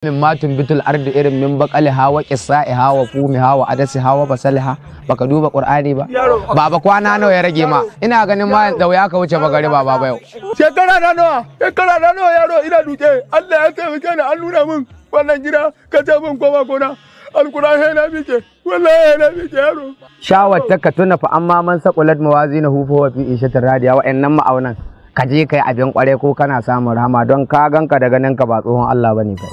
min matin bitul ardi irin min bakali hawa e hawa kumi hawa adasi hawa basaliha baka duba qur'ani ba baba kwana nawa ya rage ma ina ganin ma da wuya ka wuce bagare baba yau shekara na nawa shekara na nawa yaro ina duke Allah ya taimake ne an nuna min wannan gida ka ce min koma gona alkur'ani na bike wallahi na bike yaro shawar ta ka tuna fa amma man saqulat mawazinahu fa fi ishatir radiya wa'annan ma'aunan ka je kai abin kware ko kana samun rahama don ka ganka da ganin ka ba tsohon Allah bane kai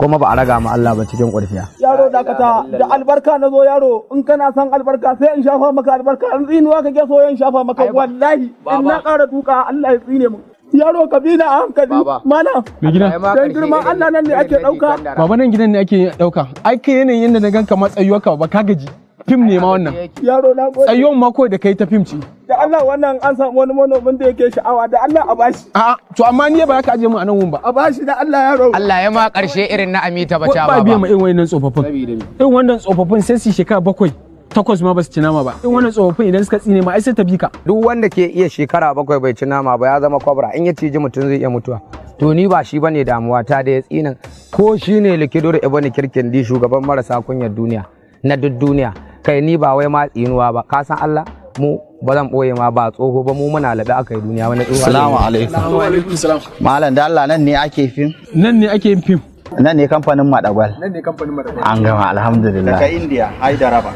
kuma ba a raga ma Allah ba cikin kurfiya yaro dakata da albarka na zo yaro in kana son albarka sai in shafa maka albarka in tsinuwa kake so in shafa maka wallahi in na ƙara duka Allah ya tsine mu yaro kabila an hankali mana me gida dan girma Allah nan ne ake dauka baba nan gidan ne ake dauka ai kai yanayin yanda na ganka matsayuwa ka ba ka gaji fim ne ma wannan yaro na tsayuwan ma ko da kai ta fim ce Allah wannan an samu wani manomin da yake sha'awa da Allah a bashi. A to amma ni ba ka aje mu a nan wun ba. A bashi da Allah ya rawo. Allah ya ma karshe irin na Amita ba ta ba. Ba biya mu irin wannan tsofaffin. Irin wannan tsofaffin sai su shekara bakwai. takwas ma ba su ci nama ba in wannan tsofaffin idan suka tsine ma ai sai ta bi ka duk wanda ke iya shekara bakwai bai ci nama ba ya zama kwabra in ya ciji mutum zai iya mutuwa to ni ba shi bane damuwa ta da ya tsina ko shine likidur ibn kirkin di shugaban marasa kunyar duniya na duk duniya kai ni ba wai ma tsinuwa ba ka san Allah mu ba zan boye ma ba tsoho ba mu muna labe aka yi duniya wani tsoho assalamu alaikum alaikum salam malam da Allah nan ne ake fim nan ne ake yin fim nan ne kamfanin madagwal nan ne kamfanin madagwal an gama alhamdulillah daga india hyderabad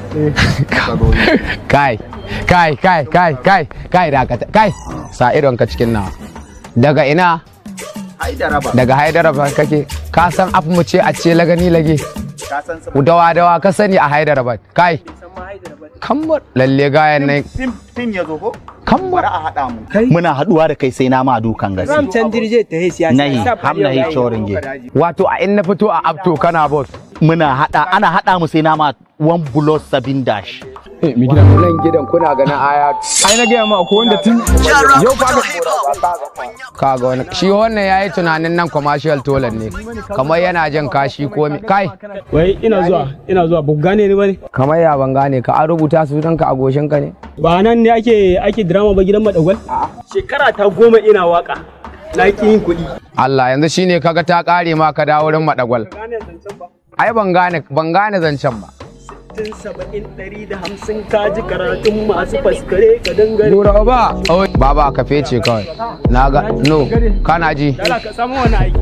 kai kai kai kai kai kai da kai sa idon ka cikin nawa daga ina hyderabad daga hyderabad kake ka san afu mu ce a ce lagani lage dawa dawa ka sani a Hyderabad kai kambar lalle gayan nan tim ya zo ko kambar a hada mu muna haduwa da kai sai na ma dukan gaske ram can dirje ta he siyasa nahi ham nahi ge wato a inna fito a abto kana boss muna hada ana hada mu sai na ma one blood sabin dash nan gidan kuna ganin aya ai na gaya ma ko wanda tun yau kaga kaga wani shi wannan yayi tunanin nan commercial tolan ne kamar yana jin kashi ko me kai wai ina zuwa ina zuwa ba gane ni bane kamar ya ban gane ka an rubuta su danka a goshin ka ne ba nan ne ake ake drama ba gidan madagwal shekara ta goma ina waka na yin kuɗi Allah yanzu shine kaga ta kare ma ka dawo wurin madagwal ai ban gane ban gane zancen ba Mutum saba'in ɗari da hamsin ka ji karatun masu faskare ka dangare. ba. Baba kafe ce kawai. Na ga no kana ji. Dala ka samu wani aiki.